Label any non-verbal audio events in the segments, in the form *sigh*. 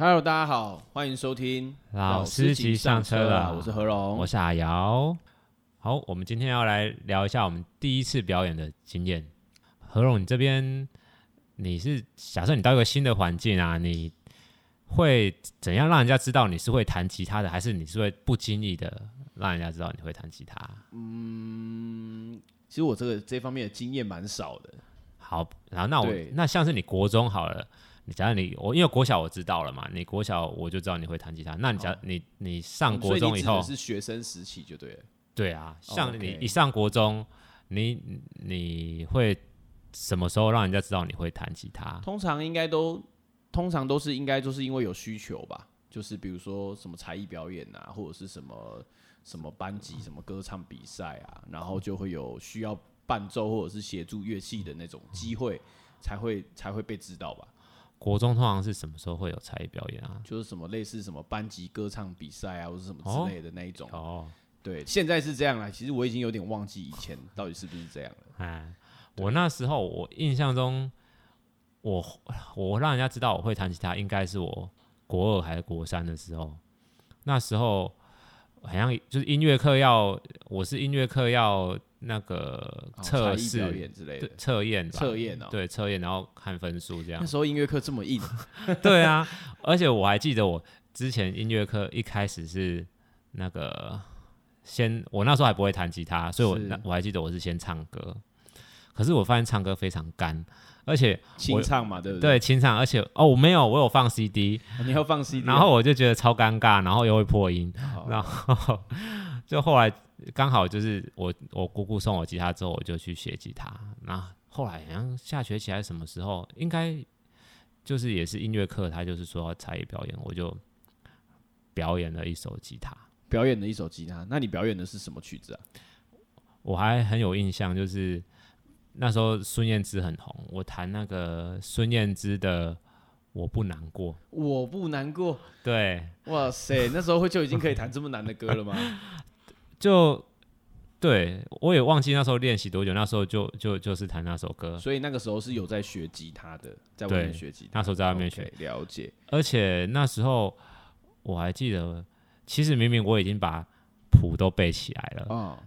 Hello，大家好，歡迎收聽老師騎上，上車了。我是何榮，我是阿瑤。好，我們今天要來聊一下我們第一次表演的經驗。何榮，你這邊你是假設你到一個新的環境啊，你會怎樣讓人家知道你是會彈吉他的，還是你是會不經意的讓人家知道你會彈吉他？嗯，其實我這個這方面的經驗蠻少的。好，然後那我對那像是你國中好了。你假如你我，因為國小我知道了嘛，你國小我就知道你會彈吉他。那你假如你、哦、你、你上國中以後、嗯、以你是學生時期就對了。對啊，像你一上國中，哦 okay、你你會什麼時候讓人家知道你會彈吉他？通常應該都通常都是應該就是因為有需求吧，就是比如說什麼才藝表演啊，或者是什麼什麼班級、嗯、什麼歌唱比賽啊，然後就會有需要伴奏或者是協助樂器的那種機會，嗯、才會才會被知道吧。國中通常是什麼時候會有才藝表演啊？就是什麼類似什麼班級歌唱比賽啊，或者什麼之類的那一種。哦，對，現在是這樣啦。其實我已經有點忘記以前、哦、到底是不是這樣了。哎，對我那時候我印象中，我我讓人家知道我會彈吉他，應該是我國二還是國三的時候。哦、那時候好像就是音樂課要，我是音樂課要。那個測試、測驗、測驗哦，哦對測驗，然後看分數這樣。那時候音樂課這麼硬， *laughs* 對啊， *laughs* 而且我還記得我之前音樂課一開始是那個先，我那時候還不會彈吉他，所以我是那我還記得我是先唱歌，可是，我發現唱歌非常乾，而且我清唱嘛，對不對？對清唱，而且哦我沒有，我有放 CD、哦、你有放 CD、啊、然後我就覺得超尷尬，然後又會破音，哦、然後 *laughs* 就後來。剛好就是我，我姑姑送我吉他之後，我就去學吉他。那後來好像下學期還是什麼時候，應該就是也是音樂課，他就是說才藝表演，我就表演了一首吉他，表演了一首吉他。那你表演的是什麼曲子啊？我還很有印象，就是那時候孫燕姿很紅，我彈那個孫燕姿的《我不難過》，我不難過。對，哇塞，那時候會就已經可以彈這麼難的歌了嗎？ *laughs* 就對，我也忘記那時候練習多久，那時候就就就是彈那首歌，所以那個時候是有在學吉他的，在外面學吉他，那時候在外面學 Okay, 了解，而且那時候我還記得，其實明明我已經把譜都背起來了，嗯、哦，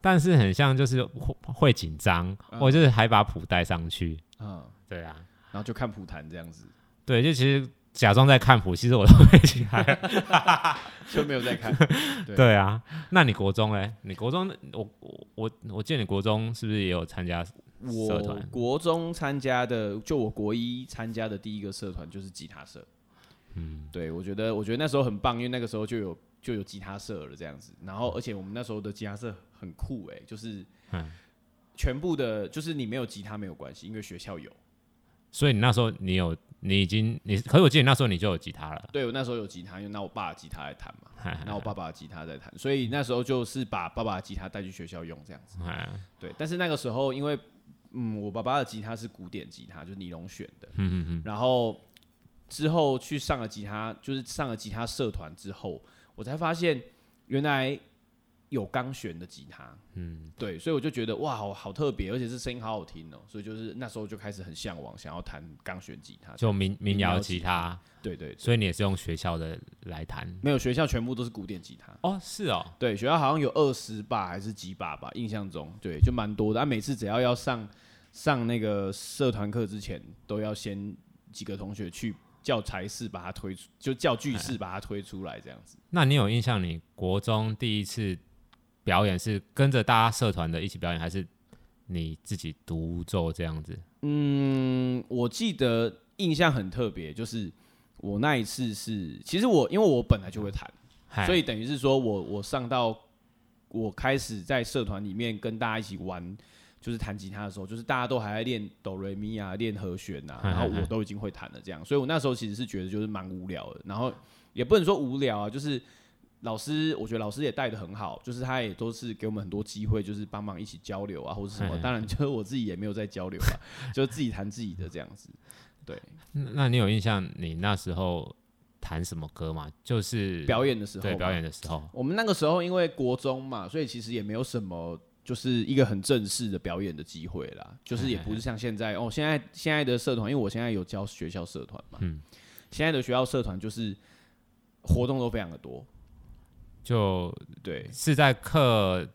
但是很像就是會緊張，嗯、我就是還把譜帶上去，嗯，對啊，然後就看譜彈這樣子，對，就其實。假裝在看譜，其實我都沒聽， *laughs* 就沒有在看。對, *laughs* 對啊，那你國中呢？你國中我我我，我,我記得你國中是不是也有參加社團？我國中參加的，就我國一參加的第一個社團就是吉他社。嗯，對我覺得，我覺得那時候很棒，因為那個時候就有就有吉他社了這樣子。然後，而且我們那時候的吉他社很酷誒、欸，就是全部的，嗯、就是你沒有吉他沒有關係，因為學校有。所以你那時候你有。你已經你，可是我記得那時候你就有吉他了。對，我那時候有吉他，因為拿我爸的吉他來彈嘛，嘿嘿嘿拿我爸爸的吉他在彈，所以那時候就是把爸爸的吉他帶去學校用這樣子。嘿對，但是那個時候因為，嗯，我爸爸的吉他是古典吉他，就是尼龍弦的。嗯嗯然後之後去上了吉他，就是上了吉他社團之後，我才發現原來。有鋼弦的吉他，嗯，對，所以我就覺得哇，好好特別，而且是聲音好好聽哦、喔，所以就是那時候就開始很向往，想要彈鋼弦吉他，就民民謠吉他，吉他對對,對,對,對，所以你也是用學校的來彈，沒有學校全部都是古典吉他哦，是哦，對，學校好像有二十把還是幾把吧，印象中，對，就蠻多的、啊。每次只要要上上那個社團課之前，都要先幾個同學去教材室把它推出，就教具室把它推出來這樣子。那你有印象，你國中第一次？表演是跟着大家社團的一起表演，還是你自己獨奏這樣子？嗯，我記得印象很特別，就是我那一次是，其實我因為我本來就會彈，嘿所以等於是說我我上到我開始在社團裡面跟大家一起玩，就是彈吉他的時候，就是大家都還在練哆來咪啊，練和弦啊，嘿嘿然後我都已經會彈了，這樣，所以我那時候其實是覺得就是蠻無聊的，然後也不能說無聊啊，就是。老師，我覺得老師也帶得很好，就是他也都是給我們很多機會，就是幫忙一起交流啊，或者什麼。嘿嘿當然，就是我自己也沒有在交流啊， *laughs* 就是自己彈自己的這樣子。對，那，那你有印象，你那時候彈什麼歌嗎？就是表演的時候。對，表演的時候。我們那個時候因為國中嘛，所以其實也沒有什麼，就是一個很正式的表演的機會啦。就是也不是像現在嘿嘿嘿哦，現在現在的社團，因為我現在有教學校社團嘛，嗯，現在的學校社團就是活動都非常的多。就對，是在課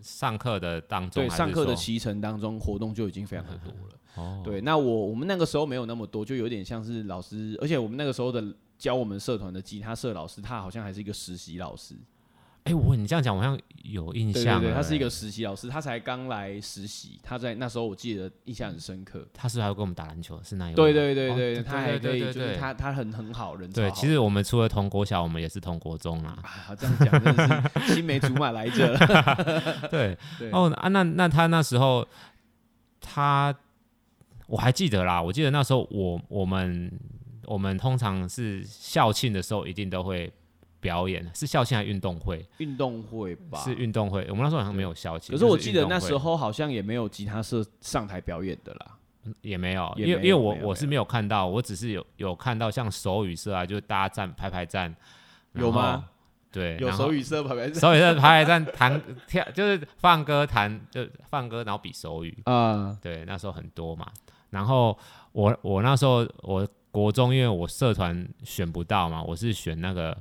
上課的當中，對，上課的期程當中，活動就已經非常的多了。嗯嗯嗯哦、對，那我我們那個時候沒有那麼多，就有點像是老師，而且我們那個時候的教我們社團的吉他社老師，他好像還是一個實習老師。哎、欸，我你這樣講，我好像有印象。對，對，對他是一個實習老師，他才剛來實習。他在那時候，我記得印象很深刻。他是不是還要跟我們打籃球？是哪一位？對對對對，他還可以，就是他他很很好人好。對，其實我們除了同國小，我們也是同國中啊。啊，這樣講，真的是青梅竹馬來着。 *laughs* *laughs* 對，對哦啊，那那他那時候，他我還記得啦。我記得那時候我，我我們我們通常是校慶的時候，一定都會。表演，是校慶還是運動會？運動會吧，是運動會。我們那時候好像沒有校慶，可是我記得那時候好像也沒有吉他社上台表演的啦，也沒有，因為因為我我是沒有看到，我只是有有看到像手語社啊，就是大家站排排站，有嗎？對，有手語社排排手語社排排站，彈跳就是放歌彈就放歌，然後比手語嗯，對，那時候很多嘛。然後我我那時候我國中，因為我社團選不到嘛，我是選那個。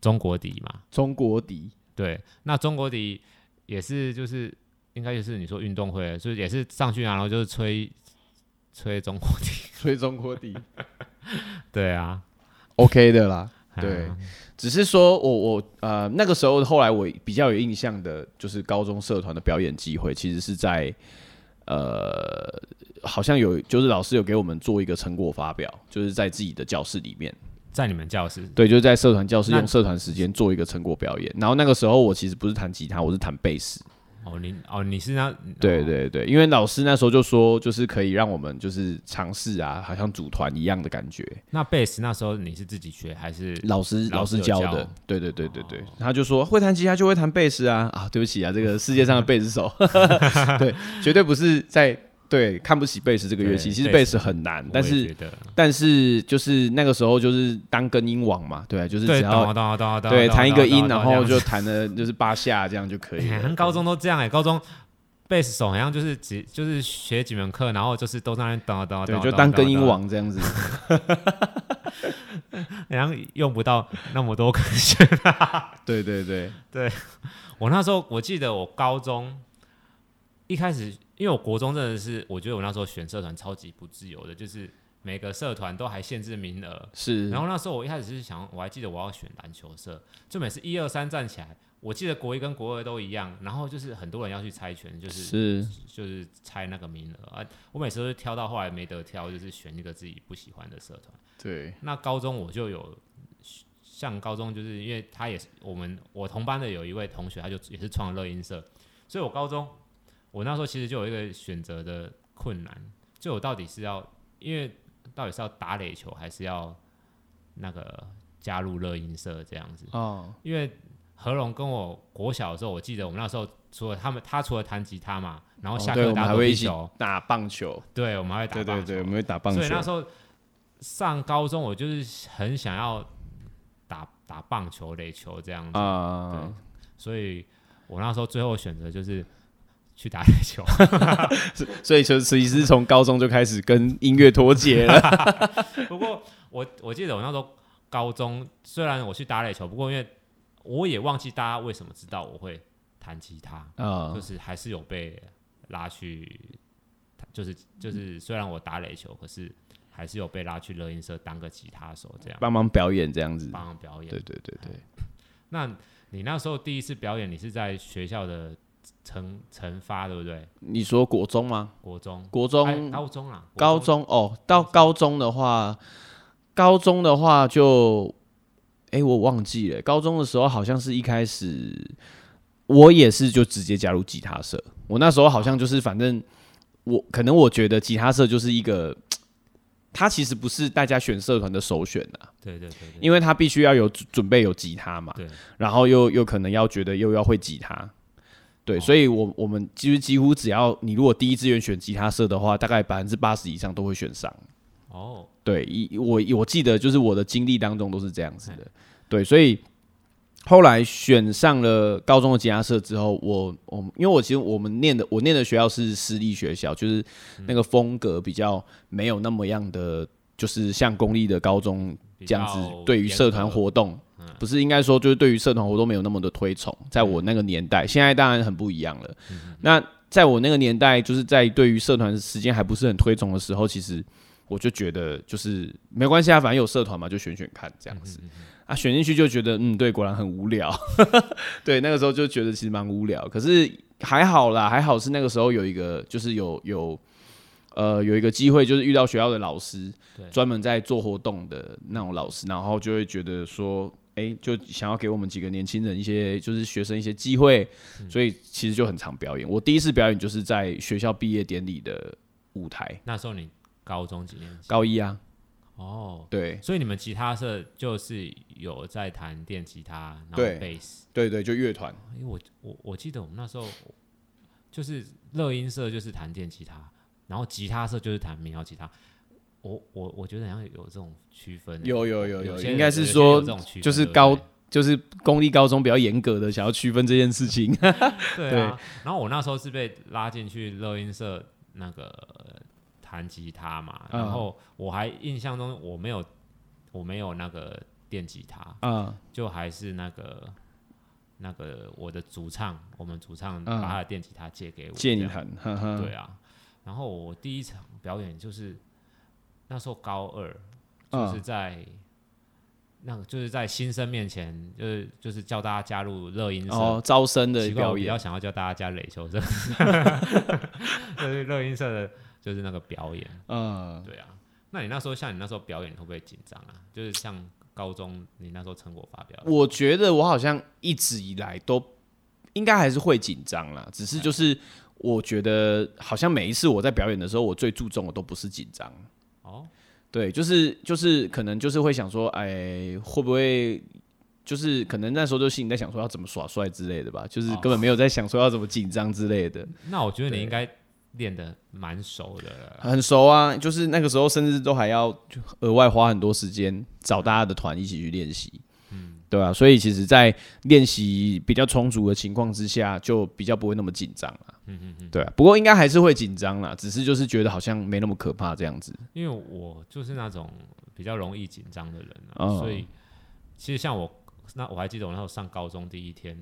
中國笛嘛，中國笛，對，那中國笛也是就是應該就是你說運動會，就也是上去然後就是吹吹中國笛，吹中國笛， *laughs* 對啊，OK 的啦，對，啊、只是說我我呃那個時候後來我比較有印象的就是高中社團的表演機會，其實是在呃好像有就是老師有給我們做一個成果發表，就是在自己的教室裡面。在你們教室？對，就是在社團教室用社團時間做一個成果表演。那然後那個時候我其實不是彈吉他，我是彈貝斯哦。哦，你哦你是那對對對，因為老師那時候就說，就是可以讓我們就是嘗試啊，好像組團一樣的感覺。那貝斯那時候你是自己學還是老師老師教的？有教？對對對對對，他就說會彈吉他就會彈貝斯啊啊，對不起啊，這個世界上的貝斯手， *laughs* 對，絕對不是在。對，看不起貝斯這個樂器，其實貝斯很難，但是但是就是那個時候就是當根音王嘛，對，就是只要對彈一個音，然後就彈的就是八下這樣就可以。高中都這樣哎，高中貝斯手好像就是只就是學幾門課，然後就是都在那當當當，就當根音王這樣子，然後用不到那麼多。對對對對，我那時候我記得我高中一開始。因為我國中真的是，我覺得我那時候選社團超級不自由的，就是每個社團都還限制名額。是。然後那時候我一開始是想，我還記得我要選籃球社，就每次一二三站起來，我記得國一跟國二都一樣，然後就是很多人要去猜拳，就是是就是猜那個名額啊。我每次都挑到後來沒得挑，就是選一個自己不喜歡的社團。對。那高中我就有，像高中就是因為他也是我們我同班的有一位同學，他就也是創了熱音社，所以我高中。我那時候其實就有一個選擇的困難，就我到底是要，因為到底是要打壘球還是要那個加入熱音社這樣子？哦，因為何龍跟我國小的時候，我記得我們那時候除了他們，他除了彈吉他嘛，然後下課打壘球、哦、打棒球，對，我們還會打棒球。對，對，對，我們會打棒球。所以那時候上高中，我就是很想要打打棒球、壘球這樣子。哦、對，所以我那時候最後選擇就是。去打壘球， *laughs* *laughs* 所以說，其實從高中就開始跟音樂脫節了。 *laughs* 不過我，我我記得我那時候高中，雖然我去打壘球，不過因為我也忘記大家為什麼知道我會彈吉他，哦、就是還是有被拉去，就是就是雖然我打壘球，可是還是有被拉去熱音社當個吉他手，這樣幫忙表演，這樣子幫忙表演，對對對對。那你那時候第一次表演，你是在學校的成成發，對不對？你說國中嗎？國中，中、啊，國中，高中啊，高中哦。到高中的話，高中的話就，哎、欸，我忘記了。高中的時候好像是一開始，我也是就直接加入吉他社。我那時候好像就是，反正我可能我覺得吉他社就是一個，他其實不是大家選社團的首選啊。對對，對對對，因為他必須要有準備有吉他嘛。對，然後又又可能要覺得又要會吉他。對，oh, okay. 所以我，我我們其實幾乎只要你如果第一志願選吉他社的話，大概百分之八十以上都會選上。哦，oh. 對，一我我記得就是我的經歷當中都是這樣子的。Oh. 對，所以後來選上了高中的吉他社之後，我我因為我其實我們念的我念的學校是私立學校，就是那個風格比較沒有那麼樣的，就是像公立的高中這樣子，對於社團活動。不是應該說，就是對於社團活動沒有那麼的推崇。在我那個年代，現在當然很不一樣了。那在我那個年代，就是在對於社團時間還不是很推崇的時候，其實我就覺得就是沒關係啊，反正有社團嘛，就選選看這樣子啊。選進去就覺得嗯，對，果然很無聊。 *laughs* 對，那個時候就覺得其實蠻無聊，可是還好啦，還好是那個時候有一個就是有有呃有一個機會，就是遇到學校的老師，專門在做活動的那種老師，然後就會覺得說。欸、就想要給我們幾個年輕人一些，就是學生一些機會，嗯、所以其實就很常表演。我第一次表演就是在學校畢業典禮的舞台。那時候你高中幾年級？高一啊。哦，對。所以你們吉他社就是有在彈電吉他，然後貝斯，對，對對，就樂團。因為、欸、我我我記得我們那時候就是樂音社就是彈電吉他，然後吉他社就是彈民謠吉他。我我我覺得好像有這種區分，有，有有有有，有應該是說這種區，就是高就是公立高中比較嚴格的想要區分這件事情， *laughs* 對啊。 *laughs* 對，然後我那時候是被拉進去熱音社那個彈吉他嘛，然後我還印象中我沒有我沒有那個電吉他，嗯，就還是那個那個我的主唱，我們主唱把他的電吉他借給我，借你喊，呵呵，對啊。然後我第一場表演就是。那時候高二，就是在、嗯、那個就是在新生面前，就是就是叫大家加入熱音社，哦、招生的表演，要想要叫大家加壘球社， *laughs* *laughs* *laughs* 就是熱音社的，就是那個表演。嗯，對啊。那你那時候像你那時候表演會不會緊張啊？就是像高中你那時候成果發表，我覺得我好像一直以來都應該還是會緊張啦，只是就是我覺得好像每一次我在表演的時候，我最注重的都不是緊張。哦，oh。對，就是就是，可能就是會想說，哎，會不會就是可能那時候就心裡在想說要怎麼耍帥之類的吧，就是根本沒有在想說要怎麼緊張之類的。Oh. 對那我覺得你應該練得蠻熟的，很熟啊，就是那個時候甚至都還要額外花很多時間找大家的團一起去練習。對啊，所以其實，在練習比較充足的情況之下，就比較不會那麼緊張了。嗯嗯嗯。對啊，不過應該還是會緊張啦，只是就是覺得好像沒那麼可怕這樣子。因為我就是那種比較容易緊張的人、啊，嗯、所以其實像我，那我還記得我那時候上高中第一天，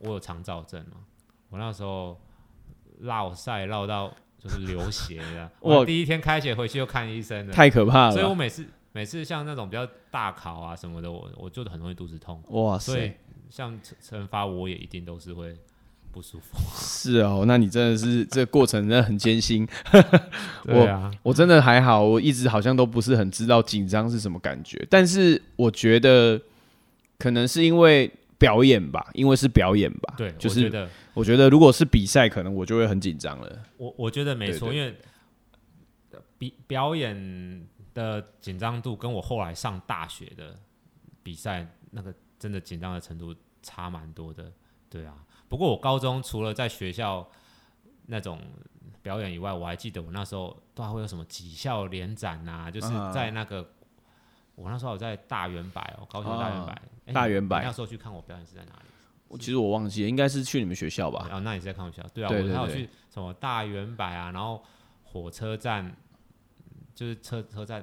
我有腸躁症嘛，我那時候落屎落到就是流血了， *laughs* 我第一天開學回去就看醫生了，太可怕了。所以我每次。每次像那種比較大考啊什麼的，我我就很容易肚子痛。哇塞！所以像成發，我也一定都是會不舒服。是哦，喔，那你真的是 *laughs* 這過程真的很艱辛。 *laughs* 啊，我我真的還好，我一直好像都不是很知道緊張是什麼感覺。但是我覺得可能是因為表演吧，因為是表演吧。對，就是我覺得如果是比賽，可能我就會很緊張了。我我覺得沒錯，對對對。因為比表演。的緊張度跟我後來上大學的比賽那個真的緊張的程度差蠻多的，對啊。不過我高中除了在學校那種表演以外，我還記得我那時候都還會有什麼幾校聯展吶、啊，就是在那個，啊、我那時候我在大遠百哦，高雄大遠百，啊欸、大遠百那時候去看我表演是在哪裡？我其實我忘記了，應該是去你們學校吧？哦、啊，那你在看我學校？對啊，對對對對，我還有去什麼大遠百啊，然後火車站。就是車車站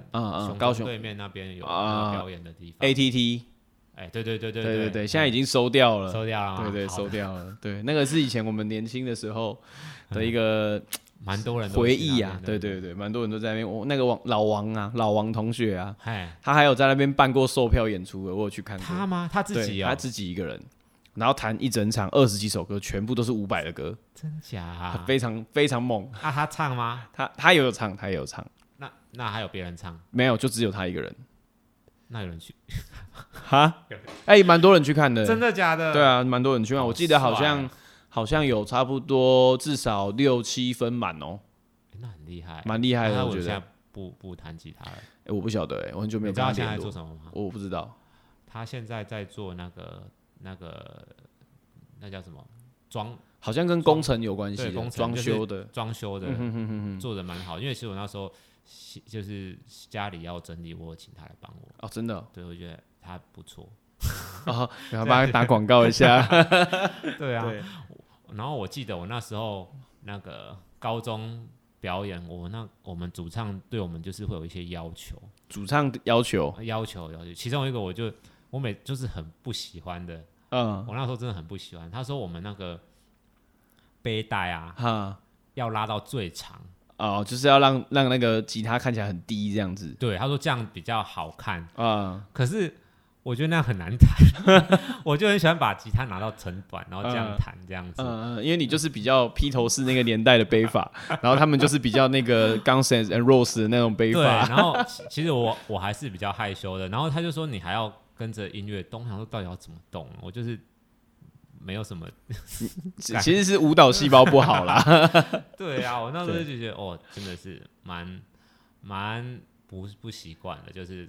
高雄對面那邊有那個表演的地方，ATT，哎，對對對對對對，現在已經收掉了，收掉了，對對收掉了，對，那個是以前我們年輕的時候的一個蠻多人回憶啊，對對對，蠻多人都在那邊，我那個王老王啊，老王同學啊，哎，他還有在那邊辦過售票演出，我有去看，他嗎？他自己啊，他自己一個人，然後彈一整場二十幾首歌，全部都是伍佰的歌，真假？非常非常猛啊！他唱嗎？他他也有唱，他也有唱。那還有別人唱？沒有，就只有他一個人。那有人去？哈？哎，蠻多人去看的。真的假的？對啊，蠻多人去看。我記得好像好像有差不多至少六七分滿哦。那很厲害，蠻厲害的。我覺得不不彈吉他了，哎，我不曉得，我很久沒。你知道他現在做什麼嗎？我不知道。他現在在做那個那個那叫什麼裝？好像跟工程有關係，裝修的裝修的，嗯嗯嗯嗯，做得蠻好。因為其實我那時候。就是家裡要整理，我請他來幫我哦，真的，哦，對，我覺得他不錯，然後幫他打廣告一下， *laughs* 對啊。對。然後我記得我那時候那個高中表演，我那我們主唱對我們就是會有一些要求，主唱的要求，嗯、要求要求，其中一個我就我每就是很不喜歡的，嗯，我那時候真的很不喜歡。他說我們那個背帶啊，哈、嗯，要拉到最長。哦，oh, 就是要讓讓那個吉他看起來很低這樣子。對，他說這樣比較好看。嗯，uh, 可是我覺得那樣很難彈， *laughs* 我就很喜歡把吉他拿到成短，然後這樣彈這樣子。嗯，uh, uh, 因為你就是比較披頭士那個年代的背法， *laughs* 然後他們就是比較那個 Guns and Roses 的那種背法。對，然後其實我我還是比較害羞的，然後他就說你還要跟着音樂動，我想說到底要怎麼動？我就是。沒有什麼，其實是舞蹈細胞不好啦。 *laughs* 對啊，我那時候就覺得，哦，真的是蠻蠻不不習慣的，就是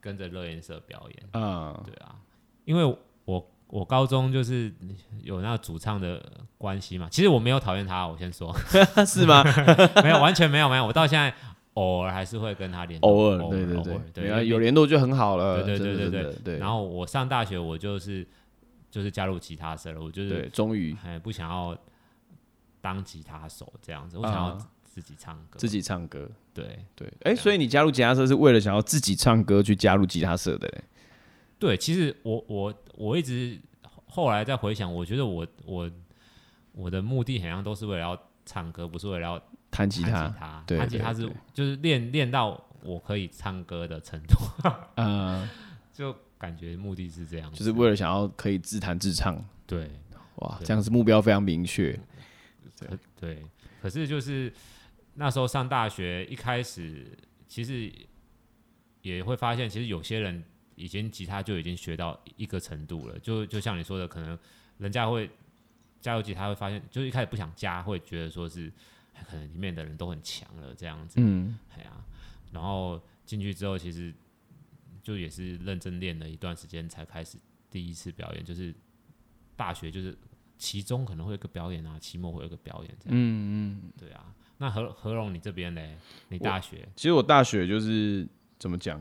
跟着熱音社表演。嗯，對啊，因為我我高中就是有那個主唱的關係嘛，其實我沒有討厭他，我先說， *laughs* 是嗎？ *laughs* 沒有，完全沒有沒有，我到現在偶爾還是會跟他聯絡偶爾對對對對啊，對有聯絡就很好了，對,對對對對對。然後我上大學，我就是。就是加入吉他社了，我就是終於哎，不想要當吉他手這樣子。啊、我想要自己唱歌，自己唱歌，對對，哎對樣，所以你加入吉他社是為了想要自己唱歌去加入吉他社的嘞？對，其實我我我一直後來再回想，我覺得我我我的目的好像都是為了要唱歌，不是為了要彈吉他，彈吉他是就是練練到我可以唱歌的程度， *laughs* 嗯，就。感覺目的是這樣，就是為了想要可以自彈自唱。對，哇，對這樣是目標非常明確對對。對，可是就是那時候上大學一開始，其實也會發現，其實有些人已經吉他就已經學到一個程度了。就就像你說的，可能人家會加入吉他，會發現就是一開始不想加，會覺得說是可能裡面的人都很強了這樣子。嗯、啊，然後進去之後，其實。就也是認真練了一段時間，才開始第一次表演。就是大學，就是期中可能會有個表演啊，期末會有個表演這樣。嗯嗯，對啊。那何何龍，你這邊嘞？你大學？其實我大學就是怎麼講，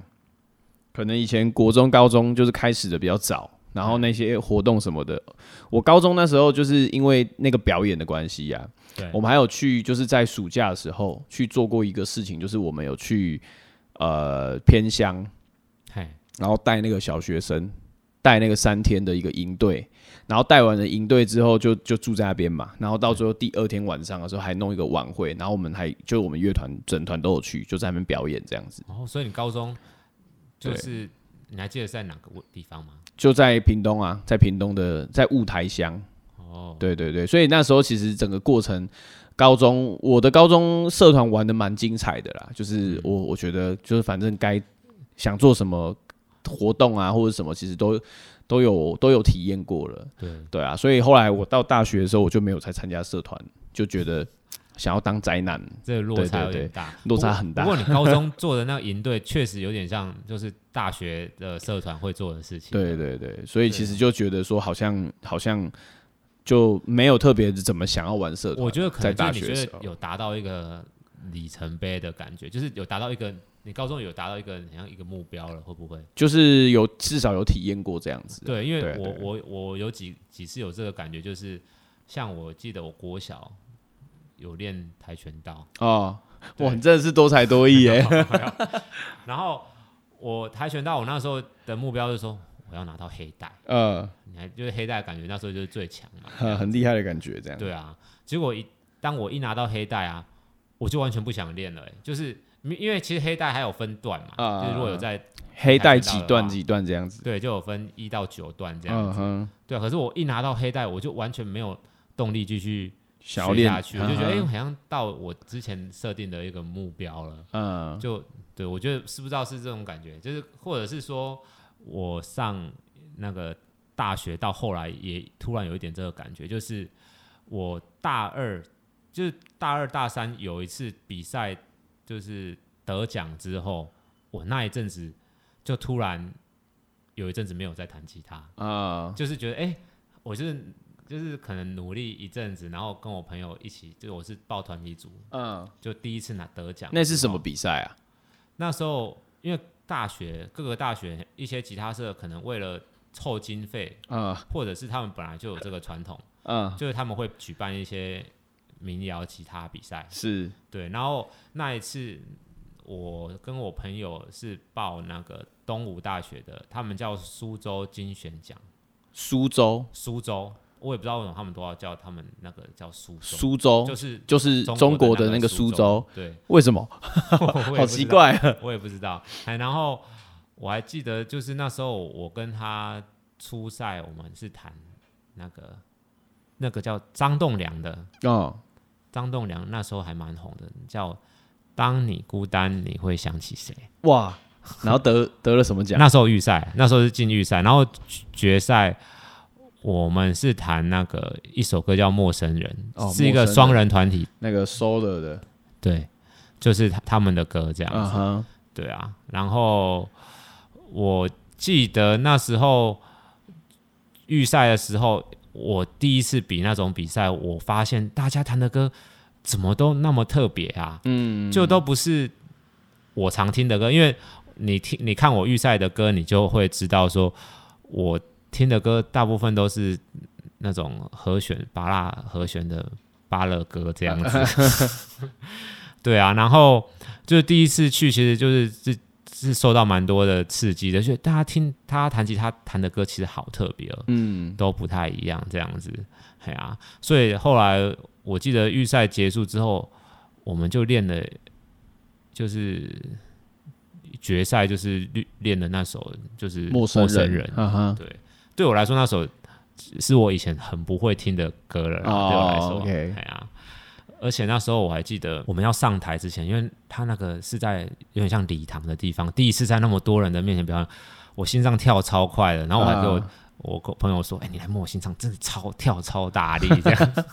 可能以前國中、高中就是開始的比較早，然後那些活動什麼的。對我高中那時候就是因為那個表演的關係呀、啊。對。我們還有去，就是在暑假的時候去做過一個事情，就是我們有去呃偏鄉。嘿然後帶那個小學生，帶那個三天的一個營隊，然後帶完了營隊之後就，就就住在那邊嘛。然後到最後第二天晚上的時候，還弄一個晚會，然後我們還就我們樂團整團都有去，就在那邊表演這樣子。哦，所以你高中就是對你還記得在哪個地方嗎？就在屏東啊，在屏東的在霧台鄉。哦，對對對，所以那時候其實整個過程，高中我的高中社團玩得蠻精彩的啦，就是我、嗯、我覺得就是反正該。想做什麼活動啊，或者什麼，其實都都有都有體驗過了。對對啊，所以後來我到大學的時候，我就沒有再參加社團，就覺得想要當宅男。這個落差對對對有點大，落差很大。不，不過你高中做的那個營隊，確 *laughs* 實有點像就是大學的社團會做的事情。對對對，所以其實就覺得說好像好像就沒有特別怎麼想要玩社團。我覺得可能大學有達到一個里程碑的感覺，就是有達到一個。你高中有達到一個怎樣一個目標了？會不會就是有至少有體驗過這樣子？對，因為我對對對我我有幾幾次有這個感覺，就是像我記得我國小有練跆拳道哦，對哇，你真的是多才多藝哎、欸 *laughs* 然後我跆拳道，我那時候的目標就是說我要拿到黑帶，嗯、呃，你還就是黑帶感覺，那時候就是最強嘛，很厲害的感覺，這樣子對啊。結果一當我一拿到黑帶啊，我就完全不想練了、欸，就是。因為其實黑帶還有分段嘛，uh, 就是如果有在黑帶幾段幾段這樣子，對，就有分一到九段這樣子。Uh huh. 對，可是我一拿到黑帶，我就完全沒有動力繼續學下去，uh huh. 我就覺得哎，好像到我之前設定的一個目標了。嗯，uh huh. 就對我覺得是不知道是這種感覺，就是或者是說我上那個大學到後來也突然有一點這個感覺，就是我大二就是大二大三有一次比賽。就是得獎之後，我那一陣子就突然有一陣子沒有再彈吉他嗯，uh. 就是覺得哎、欸，我是就是可能努力一陣子，然後跟我朋友一起，就我是抱團一組，嗯，uh. 就第一次拿得獎。那是什麼比賽啊？那時候因為大學各個大學一些吉他社可能為了湊經費嗯，uh. 或者是他們本來就有這個傳統，嗯，uh. 就是他們會舉辦一些。民謠吉他比賽是，對，然後那一次我跟我朋友是報那個東吳大學的，他們叫蘇州精選獎。蘇州，蘇州，我也不知道為什麼他們都要叫他們那個叫蘇州，蘇州就是就是中國的那個蘇州，對，為什麼？對 *laughs* 好奇怪我，我也不知道。哎，然後我還記得就是那時候我跟他初賽，我們是彈那個那個叫張棟樑的，哦張棟梁那時候還蠻紅的，叫《當你孤單》，你會想起誰？哇！然後得 *laughs* 得了什麼獎？那時候預賽，那時候是進預賽，然後決賽我們是彈那個一首歌叫《陌生人》，哦、是一個雙人團體，哦、那個 solo 的，對，就是他，他們的歌這樣子。嗯、哼對啊，然後我記得那時候預賽的時候。我第一次比那種比賽，我發現大家彈的歌怎麼都那麼特別啊！嗯，就都不是我常聽的歌。因為你聽、你看我預賽的歌，你就會知道，說我聽的歌大部分都是那種和弦、芭樂和弦的芭樂歌這樣子。啊呵呵 *laughs* 對啊，然後就是第一次去，其實就是是。是受到蠻多的刺激的，就大家聽他彈吉他彈的歌，其實好特別哦，嗯，都不太一樣這樣子，係啊，所以後來我記得預賽結束之後，我們就練了，就是決賽就是練的那首，就是《陌生人》，對，對我來說那首是我以前很不會聽的歌了，oh, 對我來說，係 okay 啊。而且那時候我還記得，我們要上台之前，因為他那個是在有點像禮堂的地方，第一次在那麼多人的面前表演，比我心臟跳超快的。然後我還給我、啊、我朋友說：“哎、欸，你來摸我心臟，真的超跳超大力。”這樣，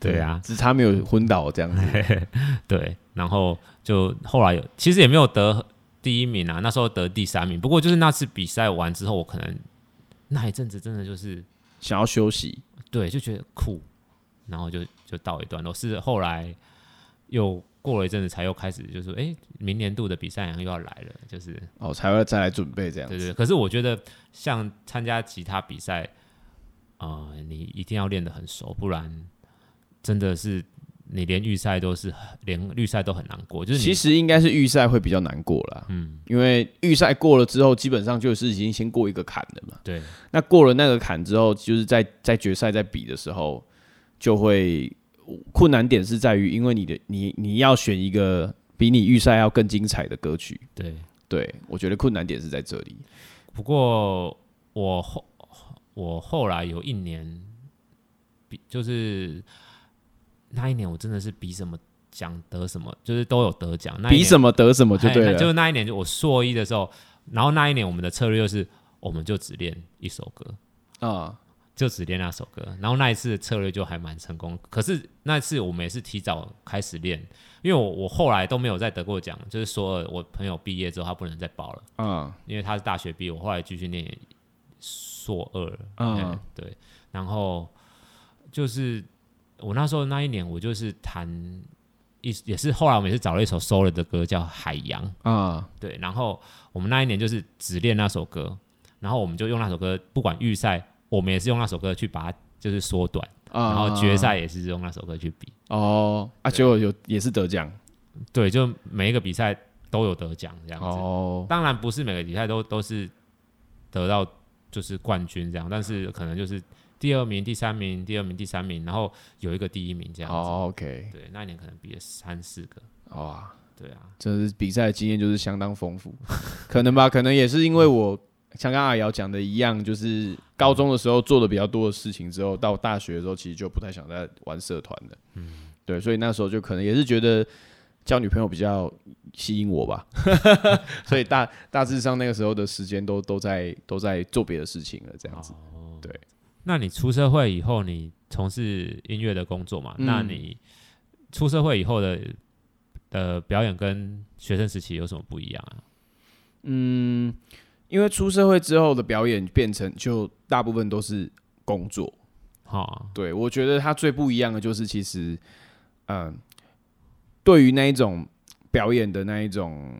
*laughs* 對，對啊，只差沒有昏倒這樣 *laughs* 對，然後就後來有，其實也沒有得第一名啊，那時候得第三名。不過就是那次比賽完之後，我可能那一陣子真的就是想要休息，對，就覺得酷，然後就。就到一段了，是後來又過了一陣子，才又開始，就是哎，明年度的比賽好像又要來了，就是哦，才會再來準備這樣子。對對，可是我覺得像參加其他比賽，啊、呃，你一定要練得很熟，不然真的是你連預賽都是，連預賽都很難過。就是其實應該是預賽會比較難過了，嗯，因為預賽過了之後，基本上就是已經先過一個坎的嘛。對，那過了那個坎之後，就是在在決賽在比的時候。就會困難點是在於，因為你的你你要選一個比你預賽要更精彩的歌曲。對，對我覺得困難點是在這裡。不過我後我後來有一年比，就是那一年我真的是比什麼獎得什麼，就是都有得獎。那一年比什麼得什麼就對了。哎，就是那一年就我碩一的時候，然後那一年我們的策略就是，我們就只練一首歌啊。嗯就只練那首歌，然後那一次的策略就還蠻成功。可是那次我們也是提早開始練，因為我我後來都沒有再得過獎，就是說我朋友畢業之後他不能再報了，嗯，uh. 因為他是大學畢業，我後來繼續念碩二，uh. 嗯，對。然後就是我那時候那一年，我就是彈一也是後來我們也是找了一首 solo 的歌叫《海洋》uh. 對。然後我們那一年就是只練那首歌，然後我們就用那首歌不管預賽。我們也是用那首歌去把它就是縮短，嗯、然後決賽也是用那首歌去比哦啊，結果對有，有也是得獎，對，就每一個比賽都有得獎這樣子。哦，當然不是每個比賽都都是得到就是冠軍這樣，但是可能就是第二名、第三名、第二名、第三名，然後有一個第一名這樣子。哦，OK，對，那一年可能比了三四個。哇、哦啊，對啊，就是比賽的經驗就是相當豐富， *laughs* 可能吧，可能也是因為我、嗯。像剛阿瑤講的一樣，就是高中的時候做的比較多的事情，之後到大學的時候，其實就不太想再玩社團了。嗯，對，所以那時候就可能也是覺得交女朋友比較吸引我吧， *laughs* 所以大大致上那個時候的時間都都在都在做別的事情了，這樣子。哦、對。那你出社會以後，你從事音樂的工作嘛？嗯、那你出社會以後的呃表演跟學生時期有什麼不一樣啊？嗯。因為出社會之後的表演變成就大部分都是工作，哦，對我覺得他最不一樣的就是其實，嗯，呃，對於那一種表演的那一種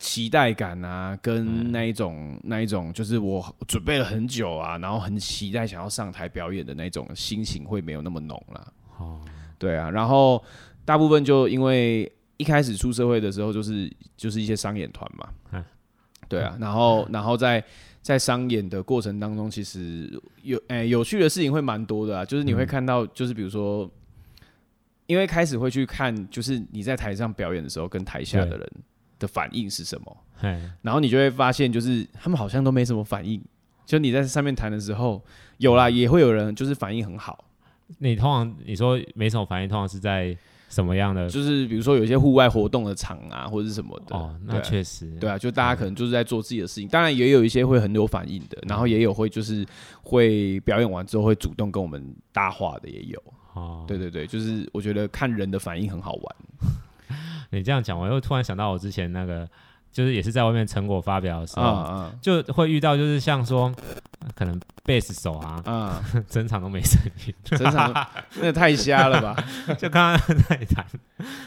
期待感啊，跟那一種，嗯，那一種就是我準備了很久啊，然後很期待想要上台表演的那一種心情會沒有那麼濃了，啊，哦，對啊，然後大部分就因為一開始出社會的時候就是就是一些商演團嘛，嗯對啊，然後，然後在在商演的過程當中，其實有誒、欸、有趣的事情會蠻多的啊。就是你會看到，就是比如說，嗯、因為開始會去看，就是你在台上表演的時候，跟台下的人的反應是什麼？對然後你就會發現，就是他們好像都沒什麼反應。就你在上面彈的時候，有啦，也會有人就是反應很好。你通常你說沒什麼反應，通常是在？什麼樣的？就是比如說，有一些戶外活動的場啊，或者是什麼的哦，oh, 對啊，那確實，對啊，就大家可能就是在做自己的事情，嗯、當然也有一些會很有反應的，然後也有會就是會表演完之後會主動跟我們搭話的也有，哦，oh. 對對對，就是我覺得看人的反應很好玩。 *laughs* 你這樣講，我又突然想到我之前那個。就是也是在外面成果發表的時候，就會遇到就是像說，可能 bass 手啊整、嗯嗯嗯嗯，整場都沒聲音，整場那個、太瞎了吧？就剛剛那一彈，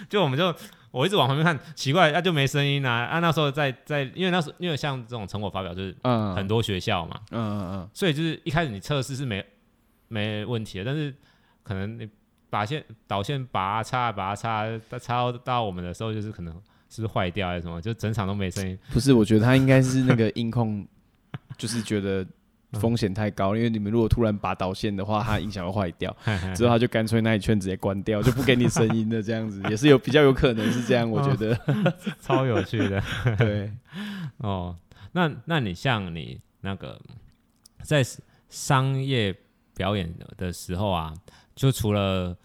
就我們就我一直往旁邊看，奇怪，那、啊、就沒聲音啊啊！那時候在在，因為那時候因為像這種成果發表就是很多學校嘛，嗯嗯嗯，所以就是一開始你測試是沒沒問題的，但是可能你拔線導線拔插拔插，拔插到插到我們的時候就是可能。是壞掉還是什麼？就整場都沒聲音。不是，我覺得他應該是那個音控， *laughs* 就是覺得風險太高，因為你們如果突然拔導線的話，他音響會壞掉，之後他就乾脆那一圈直接關掉，就不給你聲音的這樣子，也是有比較有可能是這樣，我覺得、 *laughs* 哦、 *laughs* 超有趣的 *laughs* 對、哦。對，哦，那那你像你那個在商業表演的時候啊，就除了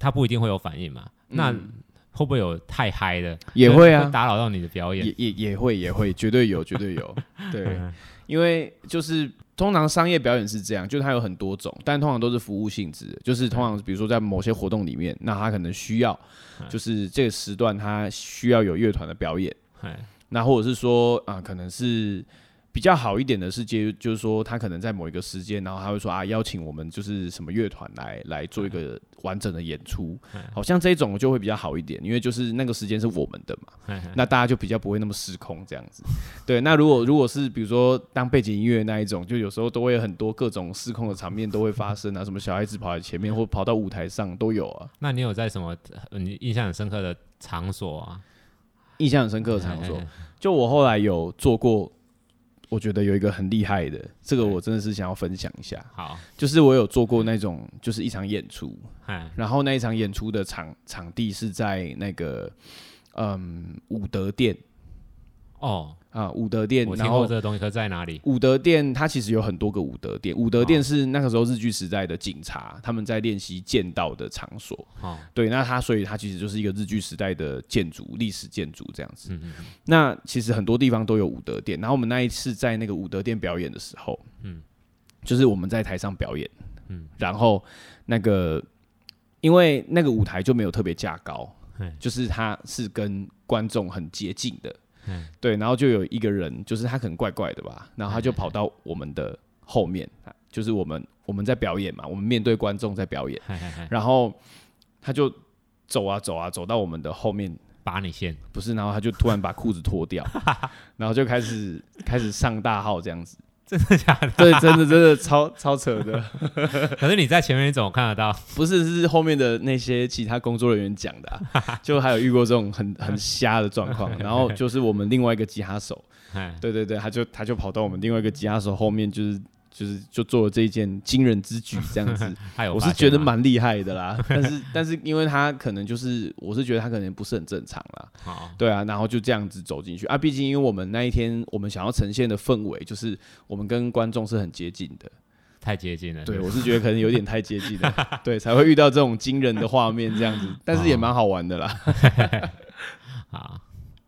他不一定會有反應嘛，那。嗯會不會有太嗨的？也會啊，會打擾到你的表演也也會，也會絕對有 *laughs* 絕對有，對， *laughs* 因為就是通常商業表演是這樣，就是它有很多種，但通常都是服務性質，就是通常比如說在某些活動裡面，那它可能需要就是這個時段它需要有樂團的表演， *laughs* 那或者是說啊、呃，可能是。比較好一點的是，接就是說，他可能在某一個時間，然後他會說啊，邀請我們就是什麼樂團來來做一個完整的演出，好像這一種就會比較好一點，因為就是那個時間是我們的嘛，那大家就比較不會那麼失控這樣子。對，那如果如果是比如說當背景音樂那一種，就有時候都會有很多各種失控的場面都會發生啊，什麼小孩子跑在前面或跑到舞台上都有啊。那你有在什麼你印象很深刻的場所啊？印象很深刻的場所，就我後來有做過。我覺得有一個很厲害的，這個我真的是想要分享一下。嗯、好，就是我有做過那種，就是一場演出，嗯、然後那一場演出的場場地是在那個嗯武德殿哦。啊，武德殿，然後這個東西它在哪裡？武德殿它其實有很多個武德殿。武德殿是那個時候日據時代的警察他們在練習劍道的場所。哦，對，那它所以它其實就是一個日據時代的建築，歷史建築這樣子。嗯嗯哼。那其實很多地方都有武德殿。然後我們那一次在那個武德殿表演的時候，嗯，就是我們在台上表演，嗯，然後那個因為那個舞台就沒有特別架高，嘿就是它是跟觀眾很接近的。 *noise* 對，然後就有一個人，就是他可能怪怪的吧，然後他就跑到我們的後面，嘿嘿嘿就是我們我們在表演嘛，我們面對觀眾在表演，嘿嘿嘿然後他就走啊走啊走到我們的後面，把你先，不是，然後他就突然把褲子脫掉， *laughs* 然後就開始 *laughs* 開始上大號這樣子。真的假的，啊？對，真的真的超超扯的。 *laughs* 可是你在前面你怎麼看得到？不是，是後面的那些其他工作人員講的，啊， *laughs* 就還有遇過這種很很瞎的狀況。 *laughs* 然後就是我們另外一個吉他手， *laughs* 對對對，他就他就跑到我們另外一個吉他手後面，就是。就是就做了這一件驚人之舉，這樣子，我是覺得蠻厲害的啦。但是但是，因為他可能就是，我是覺得他可能不是很正常啦。好，對啊，然後就這樣子走進去啊。畢竟，因為我們那一天我們想要呈現的氛圍，就是我們跟觀眾是很接近的，太接近了。對，我是覺得可能有點太接近了，對，才會遇到這種驚人的畫面這樣子。但是也蠻好玩的啦 *laughs* 是是好好。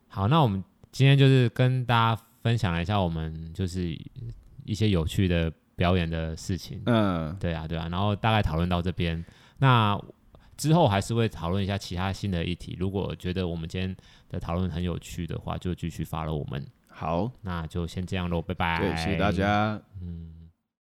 好，那我們今天就是跟大家分享一下，我們就是。一些有趣的表演的事情，嗯，對啊，對啊，然後大概討論到這邊，那之後還是會討論一下其他新的議題。如果覺得我們今天的討論很有趣的話，就繼續 follow 我們。好，那就先這樣嘍，拜拜，謝謝大家，嗯。